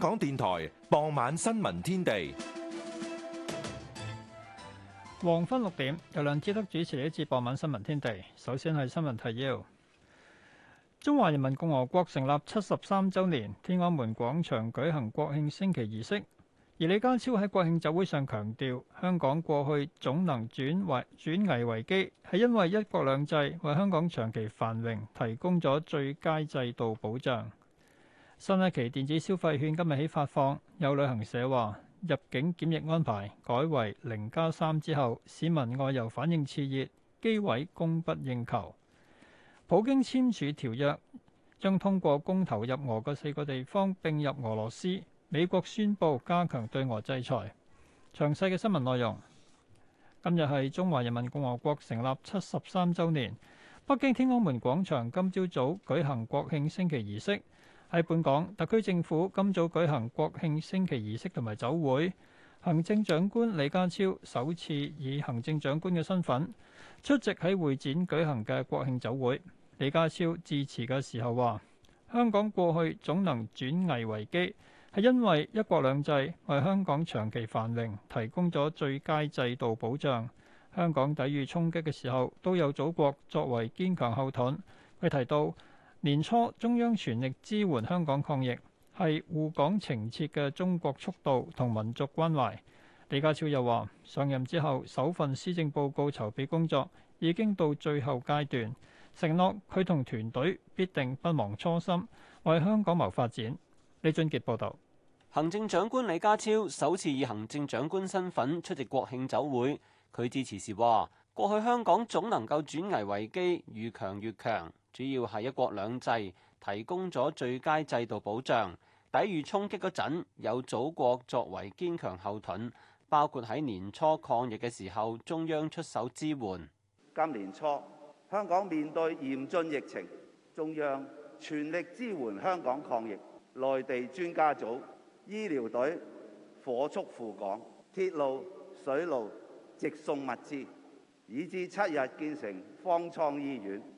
香港電台傍晚新聞天地，黃昏六點，由梁志德主持呢次傍晚新聞天地。首先係新聞提要：中華人民共和國成立七十三周年，天安門廣場舉行國慶升旗儀式。而李家超喺國慶酒會上強調，香港過去總能轉危，轉危為機，係因為一國兩制為香港長期繁榮提供咗最佳制度保障。新一期電子消費券今日起發放。有旅行社話，入境檢疫安排改為零加三之後，市民外遊反應熾熱，機位供不應求。普京簽署條約，將通過公投入俄嘅四個地方並入俄羅斯。美國宣布加強對俄制裁。詳細嘅新聞內容，今日係中華人民共和國成立七十三週年，北京天安門廣場今朝早舉行國慶升旗儀式。喺本港，特區政府今早舉行國慶升旗儀式同埋酒會，行政長官李家超首次以行政長官嘅身份出席喺會展舉行嘅國慶酒會。李家超致辭嘅時候話：香港過去總能轉危為機，係因為一國兩制為香港長期繁榮提供咗最佳制度保障。香港抵禦衝擊嘅時候都有祖國作為堅強後盾。佢提到：年初中央全力支援香港抗疫，係護港情切嘅中國速度同民族關懷。李家超又話：上任之後首份施政報告籌備工作已經到最後階段，承諾佢同團隊必定不忘初心，為香港謀發展。李俊傑報導。行政長官李家超首次以行政長官身份出席國慶酒會，佢致辭時話：過去香港總能夠轉危為機，越強越強。主要係一國兩制提供咗最佳制度保障，抵禦衝擊嗰陣有祖國作為堅強後盾，包括喺年初抗疫嘅時候，中央出手支援。今年初香港面對嚴峻疫情，中央全力支援香港抗疫，內地專家組、醫療隊火速赴港，鐵路、水路直送物資，以至七日建成方艙醫院。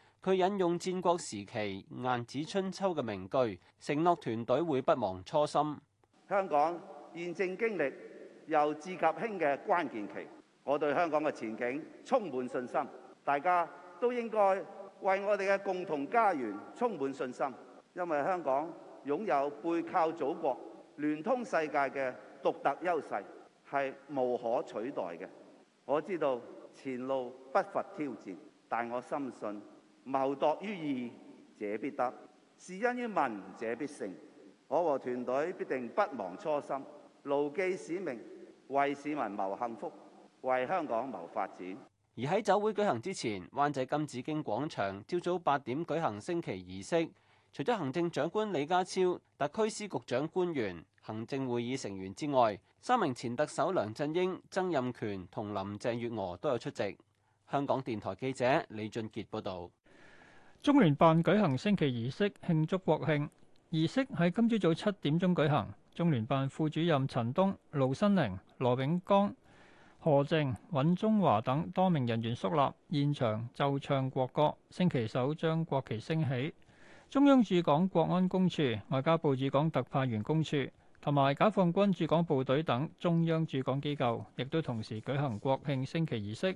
佢引用戰國時期《晏子春秋》嘅名句，承諾團隊會不忘初心。香港現正經歷由治及興嘅關鍵期，我對香港嘅前景充滿信心。大家都應該為我哋嘅共同家園充滿信心，因為香港擁有背靠祖國、聯通世界嘅獨特優勢，係無可取代嘅。我知道前路不乏挑戰，但我深信。謀度於義者必得，事因於民者必勝。我和團隊必定不忘初心，牢記使命，為市民謀幸福，為香港謀發展。而喺酒會舉行之前，灣仔金紫荊廣場朝早八點舉行升旗儀式。除咗行政長官李家超、特區司局長官員、行政會議成員之外，三名前特首梁振英、曾蔭權同林鄭月娥都有出席。香港電台記者李俊傑報道。中聯辦舉行升旗儀式慶祝國慶，儀式喺今朝早七點鐘舉行。中聯辦副主任陳東、盧新寧、羅永剛、何靖、尹中華等多名人員肅立現場，奏唱國歌，升旗手將國旗升起。中央駐港國安公署、外交部駐港特派員公署同埋解放軍駐港部隊等中央駐港機構，亦都同時舉行國慶升旗儀式。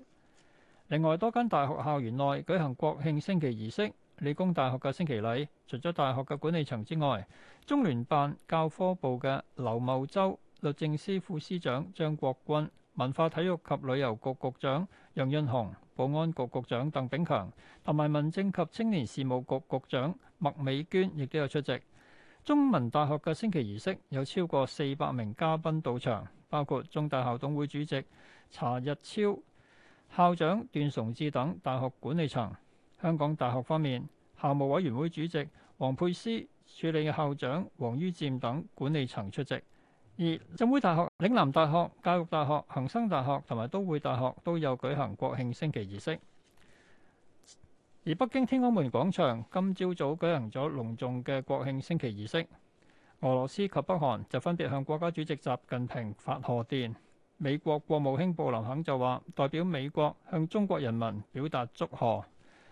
另外，多間大學校園內舉行國慶升旗儀式。理工大學嘅升旗禮，除咗大學嘅管理層之外，中聯辦教科部嘅劉茂洲、律政司副司長張國鈞、文化體育及旅遊局局長楊潤雄、保安局局長鄧炳強，同埋民政及青年事務局局長麥美娟，亦都有出席。中文大學嘅升旗儀式有超過四百名嘉賓到場，包括中大校董會主席查日超。校長段崇智等大學管理層，香港大學方面校務委員會主席王沛詩、助理校長王于漸等管理層出席。而浸會大學、嶺南大學、教育大學、恒生大學同埋都會大學都有舉行國慶升旗儀式。而北京天安門廣場今朝早，早舉行咗隆重嘅國慶升旗儀式。俄羅斯及北韓就分別向國家主席習近平發賀電。美國國務卿布林肯就話，代表美國向中國人民表達祝賀。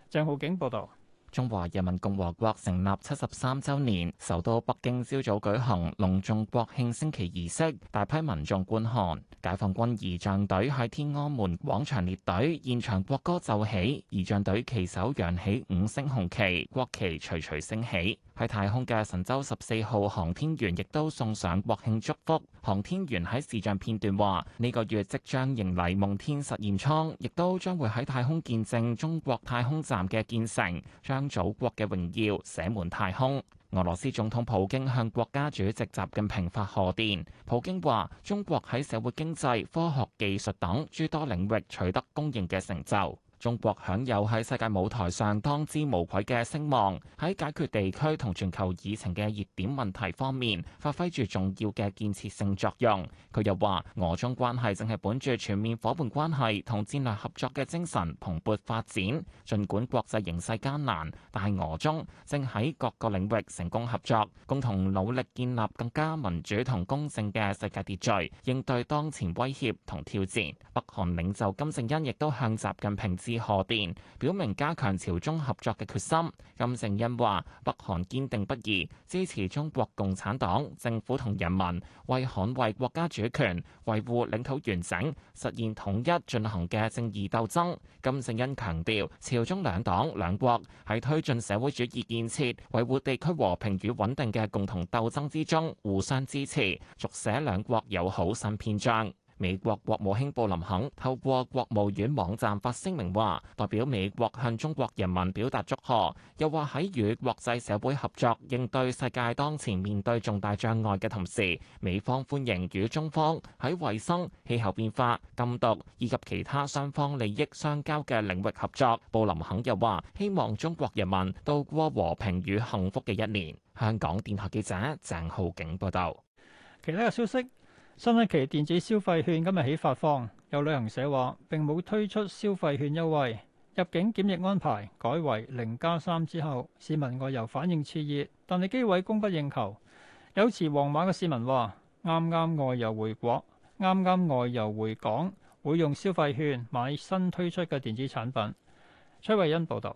鄭浩景報道：中華人民共和國成立七十三周年，首都北京朝早，早舉行隆重國慶升旗儀式，大批民眾觀看。解放軍儀仗隊喺天安門廣場列隊，現場國歌奏起，儀仗隊旗手揚起五星紅旗，國旗徐徐升起。喺太空嘅神舟十四號航天員亦都送上國慶祝福。航天員喺視像片段話呢、這個月即將迎嚟夢天實驗艙，亦都將會喺太空見證中國太空站嘅建成，將祖國嘅榮耀寫滿太空。俄羅斯總統普京向國家主席習近平發賀電，普京話中國喺社會經濟、科學技術等諸多領域取得公認嘅成就。中國享有喺世界舞台上當之無愧嘅聲望，喺解決地區同全球議程嘅熱點問題方面，發揮住重要嘅建設性作用。佢又話：俄中關係正係本住全面伙伴關係同戰略合作嘅精神蓬勃發展。儘管國際形勢艱難，但係俄中正喺各個領域成功合作，共同努力建立更加民主同公正嘅世界秩序，應對當前威脅同挑戰。北韓領袖金正恩亦都向習近平致賀電表明加強朝中合作嘅決心。金正恩話：北韓堅定不移支持中國共產黨政府同人民為捍衛國家主權、維護領土完整、實現統一進行嘅正義鬥爭。金正恩強調，朝中兩黨兩國喺推進社會主義建設、維護地區和平與穩定嘅共同鬥爭之中互相支持，續寫兩國友好新篇章。美國國務卿布林肯透過國務院網站發聲明話，代表美國向中國人民表達祝賀，又話喺與國際社會合作應對世界當前面對重大障礙嘅同時，美方歡迎與中方喺衛生、氣候變化、禁毒以及其他雙方利益相交嘅領域合作。布林肯又話，希望中國人民度過和平與幸福嘅一年。香港電台記者鄭浩景報道。其他嘅消息。新一期電子消費券今日起發放，有旅行社話並冇推出消費券優惠。入境檢疫安排改為零加三之後，市民外遊反應熾熱，但係機位供不應求。有持黃碼嘅市民話：啱啱外遊回國，啱啱外遊回港，會用消費券買新推出嘅電子產品。崔慧欣報道。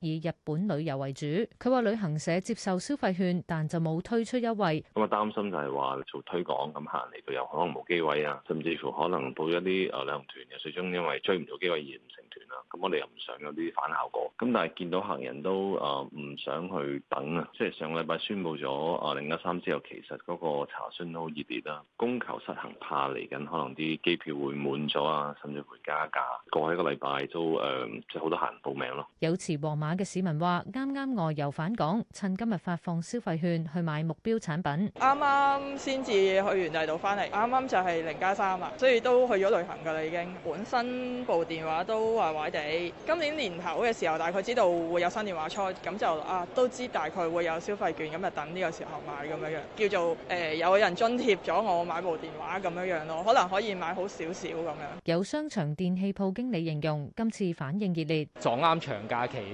以日本旅遊為主，佢話旅行社接受消費券，但就冇推出優惠。咁啊，擔心就係話做推廣咁行嚟，佢又可能冇機位啊，甚至乎可能報咗啲誒旅行團嘅，最終因為追唔到機位而唔成團啦。咁我哋又唔想有啲反效果。咁但係見到客人都誒唔想去等啊，即係上個禮拜宣布咗啊零一三之後，其實嗰個查詢都好熱烈啦，供求失衡，怕嚟緊可能啲機票會滿咗啊，甚至乎加價。過一個禮拜都誒即係好多客人報名咯，有皇馬嘅市民話：啱啱外遊返港，趁今日發放消費券去買目標產品。啱啱先至去完第度翻嚟，啱啱就係零加三啦，所以都去咗旅行噶啦已經。本身部電話都壞壞地，今年年頭嘅時候大概知道會有新電話出，咁就啊都知大概會有消費券，咁就等呢個時候買咁樣樣。叫做誒、呃、有人津貼咗我買部電話咁樣樣咯，可能可以買好少少咁樣。有商場電器鋪經理形容，今次反應熱烈，撞啱長假期。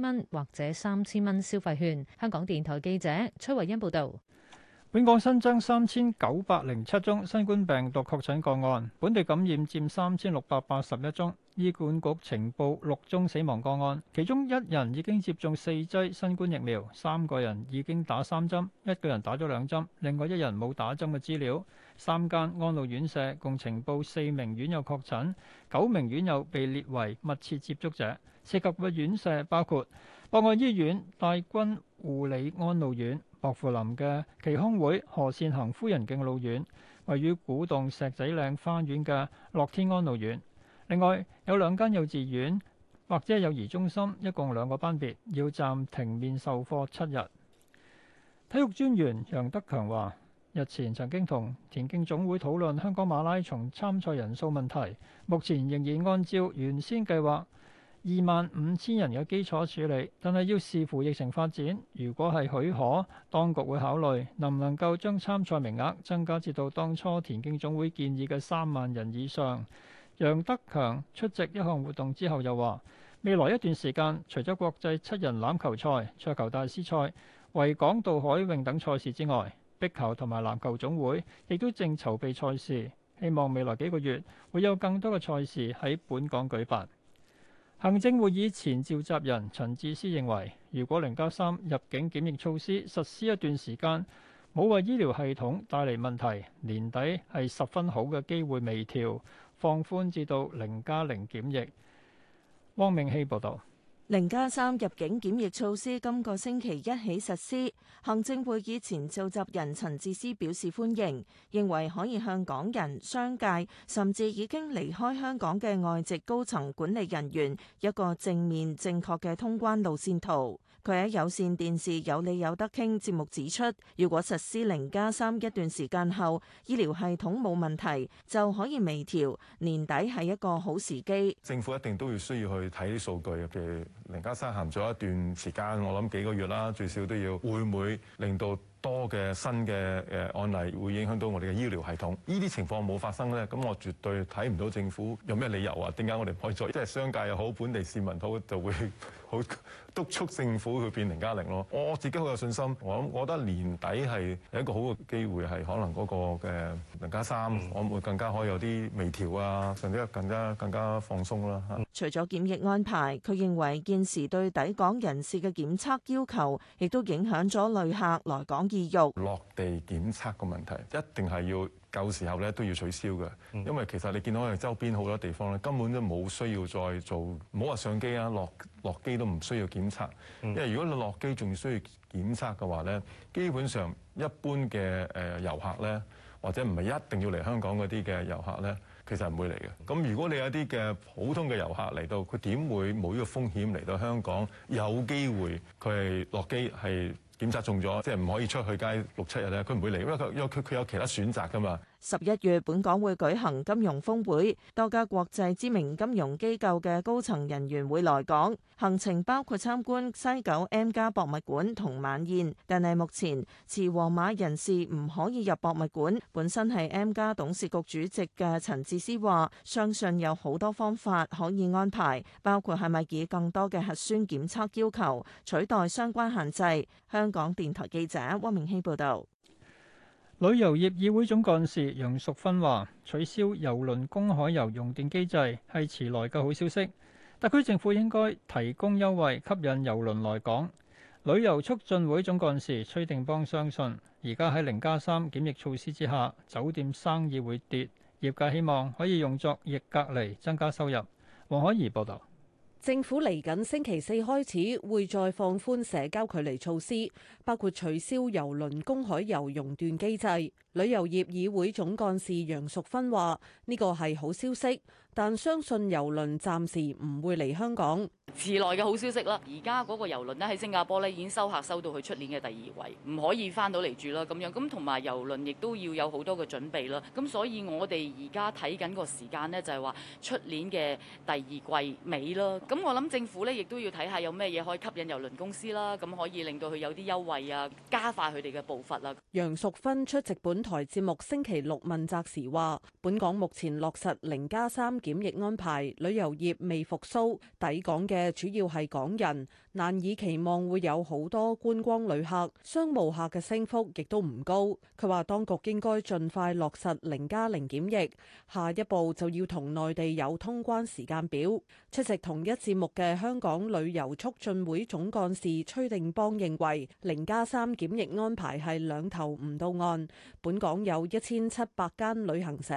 蚊或者三千蚊消費券。香港電台記者崔慧欣報道。本港新增三千九百零七宗新冠病毒確診個案，本地感染佔三千六百八十一宗。醫管局呈報六宗死亡個案，其中一人已經接種四劑新冠疫苗，三個人已經打三針，一個人打咗兩針，另外一人冇打針嘅資料。三間安老院舍共呈報四名院友確診，九名院友被列為密切接觸者。涉及嘅院舍包括博愛醫院、大君護理安老院、薄扶林嘅耆康會、何善衡夫人敬老院，位於古洞石仔嶺花園嘅樂天安老院。另外有兩間幼稚園或者係幼兒中心，一共兩個班別要暫停面授課七日。體育專員楊德強話，日前曾經同田徑總會討論香港馬拉松參賽人數問題，目前仍然按照原先計劃二萬五千人嘅基礎處理，但係要視乎疫情發展。如果係許可，當局會考慮能唔能夠將參賽名額增加至到當初田徑總會建議嘅三萬人以上。楊德強出席一項活動之後，又話：未來一段時間，除咗國際七人欖球賽、桌球大師賽、維港渡海泳等賽事之外，壁球同埋籃球總會亦都正籌備賽事，希望未來幾個月會有更多嘅賽事喺本港舉辦。行政會議前召集人陳智思認為，如果零加三入境檢疫措施實施一段時間，冇為醫療系統帶嚟問題，年底係十分好嘅機會微調，放寬至到零加零檢疫。汪明希報導。零加三入境檢疫措施今個星期一起實施。行政會議前召集人陳智思表示歡迎，認為可以向港人、商界甚至已經離開香港嘅外籍高層管理人員一個正面正確嘅通關路線圖。佢喺有線電視有理有得傾節目指出，如果實施零加三一段時間後，醫療系統冇問題，就可以微調。年底係一個好時機。政府一定都要需要去睇啲數據，譬如零加三行咗一段時間，我諗幾個月啦，最少都要會唔會令到多嘅新嘅誒案例會影響到我哋嘅醫療系統？呢啲情況冇發生咧，咁我絕對睇唔到政府有咩理由啊？點解我哋唔可以再？即係商界又好，本地市民好就會，去督促政府去變零加零咯，我自己好有信心，我諗我覺得年底係有一個好嘅機會，係可能嗰、那個嘅零加三，我、呃、會更加可以有啲微調啊，甚至更加更加放鬆啦、啊。除咗檢疫安排，佢認為現時對抵港人士嘅檢測要求，亦都影響咗旅客來港意欲。落地檢測嘅問題一定係要。有時候咧都要取消嘅，因為其實你見到嘅周邊好多地方咧，根本都冇需要再做。唔好話上機啊，落落機都唔需要檢測。因為如果你落機仲需要檢測嘅話咧，基本上一般嘅誒遊客咧，或者唔係一定要嚟香港嗰啲嘅遊客咧，其實唔會嚟嘅。咁如果你有啲嘅普通嘅遊客嚟到，佢點會冒呢個風險嚟到香港？有機會佢係落機係？檢測中咗，即係唔可以出去街六七日咧，佢唔會嚟，因為佢因為佢有其他選擇噶嘛。十一月本港會舉行金融峰會，多家國際知名金融機構嘅高層人員會來港，行程包括參觀西九 M+ 博物館同晚宴。但係目前持黃碼人士唔可以入博物館。本身係 M+ 董事局主席嘅陳智思話，相信有好多方法可以安排，包括係咪以更多嘅核酸檢測要求取代相關限制。香港電台記者汪明熙報道。旅遊業議會總幹事楊淑芬話：取消郵輪公海遊用電機制係遲來嘅好消息，特區政府應該提供優惠吸引郵輪來港。旅遊促進會總幹事崔定邦相信，而家喺零加三檢疫措施之下，酒店生意會跌，業界希望可以用作逆隔離增加收入。王海怡報導。政府嚟緊星期四開始會再放寬社交距離措施，包括取消郵輪公海遊熔斷機制。旅遊業議會總幹事楊淑芬話：呢個係好消息。但相信郵輪暫時唔會嚟香港，遲來嘅好消息啦！而家嗰個郵輪喺新加坡咧已經收客收到佢出年嘅第二位，唔可以翻到嚟住啦咁樣。咁同埋郵輪亦都要有好多嘅準備啦。咁所以我哋而家睇緊個時間呢，就係話出年嘅第二季尾咯。咁我諗政府呢，亦都要睇下有咩嘢可以吸引郵輪公司啦，咁可以令到佢有啲優惠啊，加快佢哋嘅步伐啦。楊淑芬出席本台節目星期六問責時話：本港目前落實零加三。檢疫安排，旅遊業未復蘇，抵港嘅主要係港人。難以期望會有好多觀光旅客，商務客嘅升幅亦都唔高。佢話：當局應該盡快落實零加零檢疫，下一步就要同內地有通關時間表。出席同一節目嘅香港旅遊促進會總幹事崔定邦認為，零加三檢疫安排係兩頭唔到岸。本港有一千七百間旅行社，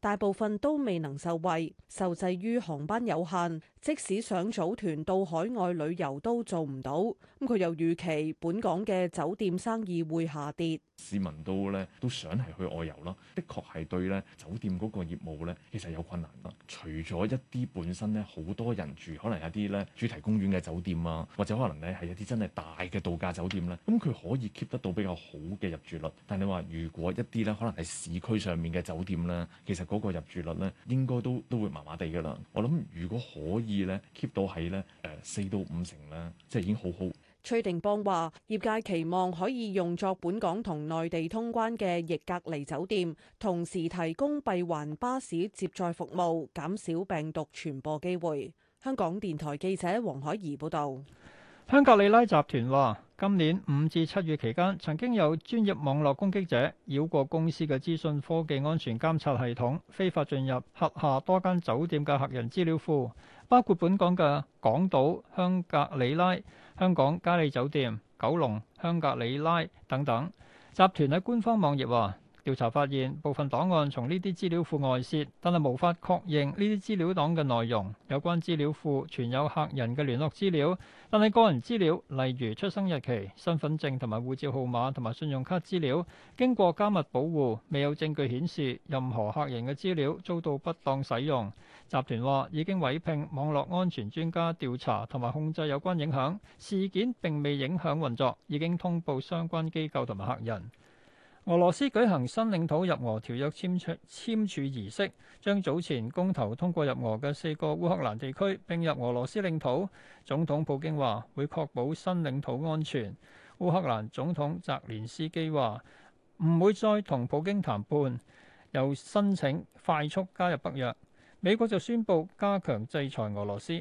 大部分都未能受惠，受制於航班有限，即使想組團到海外旅遊都都做唔到，咁佢又預期本港嘅酒店生意會下跌。市民都咧都想係去外遊啦，的確係對咧酒店嗰個業務咧其實有困難啦，除咗一啲本身咧好多人住，可能有啲咧主題公園嘅酒店啊，或者可能咧係一啲真係大嘅度假酒店咧，咁佢可以 keep 得到比較好嘅入住率。但你話如果一啲咧可能係市區上面嘅酒店咧，其實嗰個入住率咧應該都都會麻麻地噶啦。我諗如果可以咧 keep 到喺咧誒四到五成咧。即係已經好好。崔定邦話：業界期望可以用作本港同內地通關嘅逆隔離酒店，同時提供閉環巴士接載服務，減少病毒傳播機會。香港電台記者黃海怡報導。香格里拉集團話：今年五至七月期間，曾經有專業網絡攻擊者繞過公司嘅資訊科技安全監察系統，非法進入轄下多間酒店嘅客人資料庫。包括本港嘅港島香格里拉、香港嘉里酒店、九龍香格里拉等等，集團喺官方網頁啊。調查發現，部分檔案從呢啲資料庫外泄，但係無法確認呢啲資料檔嘅內容。有關資料庫存有客人嘅聯絡資料，但係個人資料，例如出生日期、身份證同埋護照號碼同埋信用卡資料，經過加密保護，未有證據顯示任何客人嘅資料遭到不當使用。集團話已經委聘網絡安全專家調查同埋控制有關影響，事件並未影響運作，已經通報相關機構同埋客人。俄羅斯舉行新領土入俄條約簽署簽署儀式，將早前公投通過入俄嘅四個烏克蘭地區併入俄羅斯領土。總統普京話會確保新領土安全。烏克蘭總統澤連斯基話唔會再同普京談判，又申請快速加入北約。美國就宣佈加強制裁俄羅斯。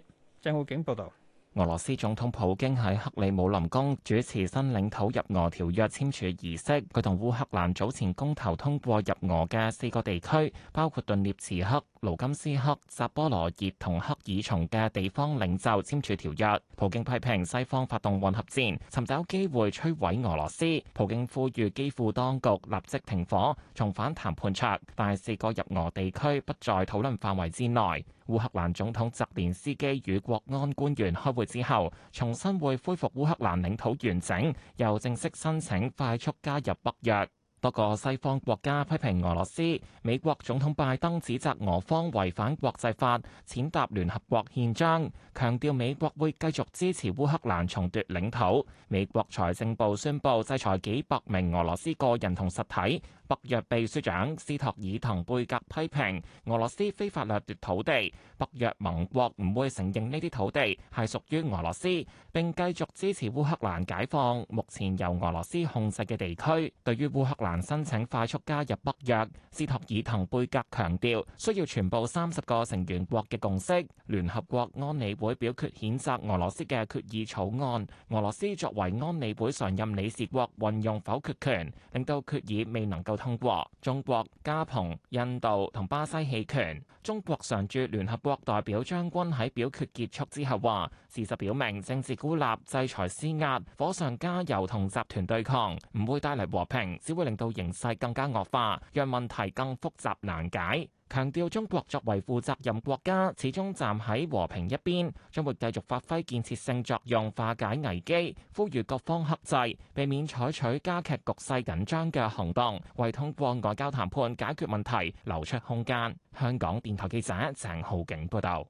鄭浩景報道。俄羅斯總統普京喺克里姆林宮主持新領土入俄條約簽署儀式，佢同烏克蘭早前公投通過入俄嘅四個地區，包括頓涅茨克，盧甘斯克、扎波羅熱同克爾松嘅地方領袖簽署條約。普京批評西方發動混合戰，尋找機會摧毀俄羅斯。普京呼籲基輔當局立即停火，重返談判桌，但四個入俄地區不在討論範圍之內。烏克蘭總統澤連斯基與國安官員開會之後，重新會恢復烏克蘭領土完整，又正式申請快速加入北約。多個西方國家批評俄羅斯，美國總統拜登指責俄方違反國際法，踐踏聯合國憲章，強調美國會繼續支持烏克蘭重奪領土。美國財政部宣佈制裁幾百名俄羅斯個人同實體。北約秘書長斯托爾滕貝格批評俄羅斯非法掠奪土地，北約盟國唔會承認呢啲土地係屬於俄羅斯，並繼續支持烏克蘭解放目前由俄羅斯控制嘅地區。對於烏克蘭。難申請快速加入北約。斯托爾滕貝格強調，需要全部三十個成員國嘅共識。聯合國安理會表決譴責俄羅斯嘅決議草案，俄羅斯作為安理會常任理事國，運用否決權，令到決議未能夠通過。中國、加蓬、印度同巴西棄權。中國常駐聯合國代表張軍喺表決結束之後話：事實表明，政治孤立、制裁施壓、火上加油同集團對抗，唔會帶嚟和平，只會令到形勢更加惡化，讓問題更複雜難解。強調中國作為負責任國家，始終站喺和平一邊，將會繼續發揮建設性作用化解危機。呼籲各方克制，避免採取加劇局勢緊張嘅行動，為通過外交談判解決問題留出空間。香港電台記者鄭浩景報道。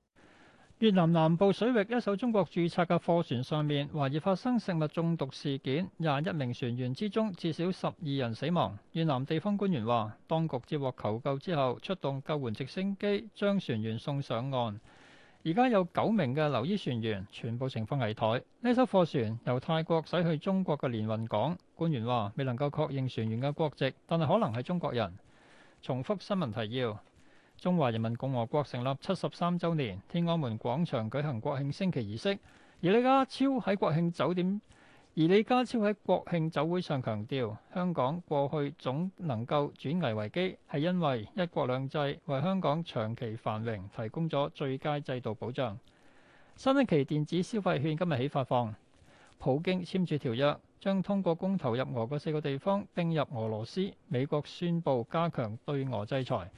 越南南部水域一艘中國注冊嘅貨船上面懷疑發生食物中毒事件，廿一名船員之中至少十二人死亡。越南地方官員話當局接獲求救之後出動救援直升機將船員送上岸，而家有九名嘅留醫船員全部情況危殆。呢艘貨船由泰國駛去中國嘅連雲港，官員話未能夠確認船員嘅國籍，但係可能係中國人。重複新聞提要。中華人民共和國成立七十三周年，天安門廣場舉行國慶升旗儀式。而李家超喺國慶酒店，而李家超喺國慶酒會上強調香港過去總能夠轉危為機，係因為一國兩制為香港長期繁榮提供咗最佳制度保障。新一期電子消費券今日起發放。普京簽署條約將通過公投入俄嘅四個地方併入俄羅斯。美國宣布加強對俄制裁。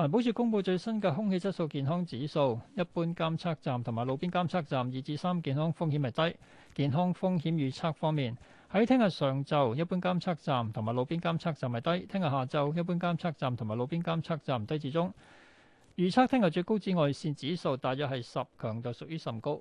環保署公布最新嘅空氣質素健康指數，一般監測站同埋路邊監測站二至三健康風險係低。健康風險預測方面，喺聽日上晝，一般監測站同埋路邊監測站係低；聽日下晝，一般監測站同埋路邊監測站低至中。預測聽日最高紫外線指數大約係十強，就屬於甚高。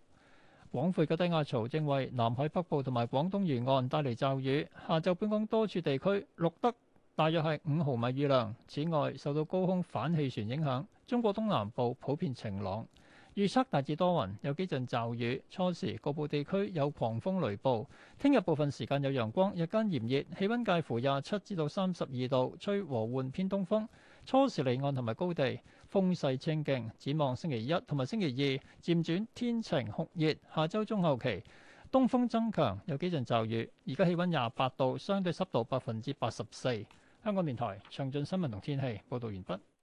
廣闊嘅低壓槽正為南海北部同埋廣東沿岸帶嚟驟雨。下晝本港多處地區錄得大約係五毫米雨量。此外，受到高空反氣旋影響，中國東南部普遍晴朗。預測大致多雲，有幾陣驟雨。初時局部地區有狂風雷暴。聽日部分時間有陽光，日間炎熱，氣温介乎廿七至到三十二度，吹和緩偏東風。初時離岸同埋高地風勢清勁。展望星期一同埋星期二漸轉天晴酷熱。下周中後期東風增強，有幾陣驟雨。而家氣温廿八度，相對濕度百分之八十四。香港電台詳盡新聞同天氣報導完畢。